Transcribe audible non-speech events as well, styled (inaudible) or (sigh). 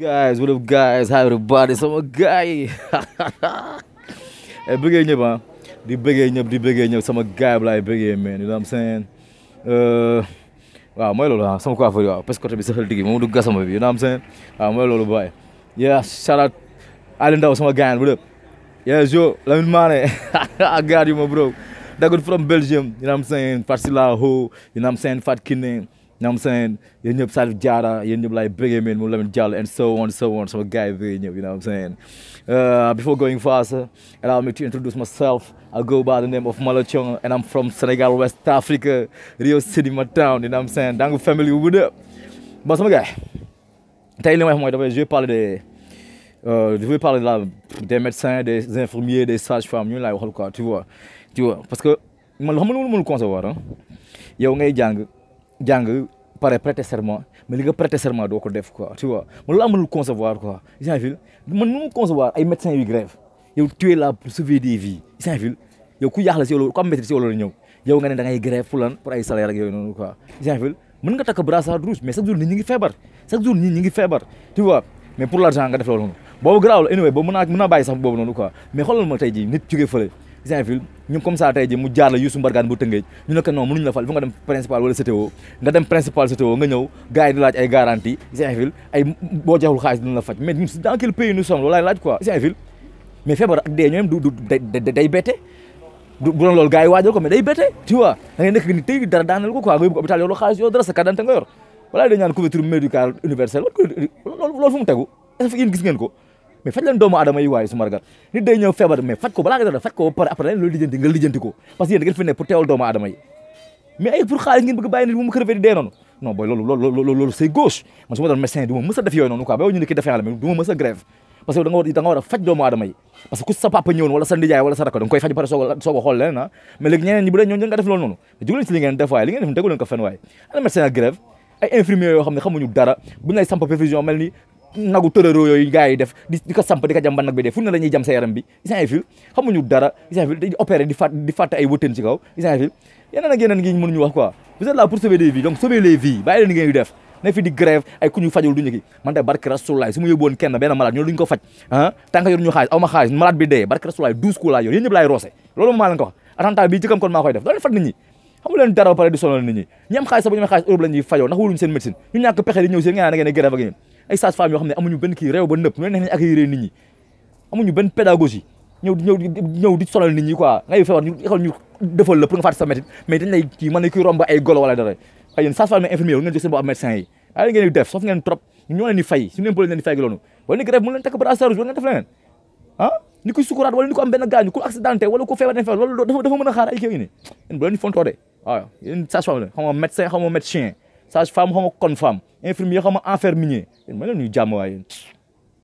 Guys, what up guys? Hi everybody, sama guy. (laughs) hey, bëggee ñëpp ah di bëggee ñëpp di bëggee ñëpp Some guy bi laay man you know what I'm saying Uh, waaw mooy loolu ah sama coiffure waaw parce que côté bi saxal digg moom du gasama bi you know what I'm saying waaw ah, mooy loolu boy. yeah shout out I Ali Ndaw sama gayan bu dëpp yeah jo Lamine Mané (laughs) I got you my bro That Dagoud from Belgium you know what I'm saying Fatsila Ho you know what I'm saying Fat kidney know what I'm saying? You know, Salif Jara, you know, like Brigham and Mulam Jala, and so on, so on. So, guy, you know what I'm saying? Uh, before going faster, allow me to introduce myself. I go by the name of Malachong, and I'm from Senegal, West Africa, Rio City, my town. You know what I'm saying? Dango family, what up? But, some guy, tell you what, je vais parler de. Euh, je vais parler de la, des médecins, des infirmiers, des sages-femmes, tu vois, tu vois, parce que, je ne sais pas si je le concevoir, hein. Il y a un gars jàng pare prêter serment mais li nga prêter serment doo ko def quoi tu vois man loolu amul concevoir quoi Saint-Ville man nu mu concevoir ay médecins yu grève yow tu es là pour sauver des vies Saint-Ville yow ku yàqale si yow ku am métier si yow la ñëw yow nga ne da ngay grève pour lan pour ay salaire ak yooyu noonu quoi Saint-Ville mën nga takk brassard rouge mais chaque jour nit ñi ngi feebar chaque jour ñi ngi feebar tu vois mais pour l'argent nga def loolu Saint-Fil ñu comme ça ji mu jaar la Youssou Mbargane bu Tëngéej ñu ne ko non mënuñu la fal fu nga dem principal wala CTO nga dem principal CTO nga ñëw gars di laaj ay garantie Saint-Fil ay boo joxul xaalis dina la faj mais feebar ak dee ñoom day bette du doon loolu gars yi ko mais day bette tu vois da ngay ni dara daanal ko quoi nga yóbbu ko hôpital xaalis yow dara sa kàddante nga yor walaay dañ naan couverture médicale universelle ko mais faj leen doomu aadama yi waaye su margat nit day ñëw feebar mais faj ko doomu aadama yi mais ay pour xaalis ngeen bëgg bàyyi nit mu mu noonu non booy loolu sa papa ñëwoon sa ndijaay wala sa rakk da nga koy faj pare soog a xool ah. ay infirmiers yoo dara buñ lay samp mel ni nagu tërëroo yooyu gars yi def di ko samp di ko jam nag bi dee fu ne la jam sa yaram bi isant fil xamuñu dara isant fil di fàtt di fàtt ay wëtteen ci kaw isant fil yeneen ak yeneen ngi mënuñu wax ñu ay sages-femmes yoo amuñu benn kii réew ba nëpp ñu neex nañ accueillir nit ñi amuñu benn pédagogie ñëw di sonal nit ñi quoi ngay feebar ñu xool ñu nga faat sa métit mais dañ lay kii mën na romb ay golo wala dara xëy yéen sages-femmes yi infirmiers ngeen jox seen di def soof ngeen trop ñoo leen di di fay loolu wala ni grève mën leen takk ba à charge wala ngeen def leneen ah ni ni ko am benn gaañu ku accidenté wala ku feebar a xaar ay infirmier comme ma ma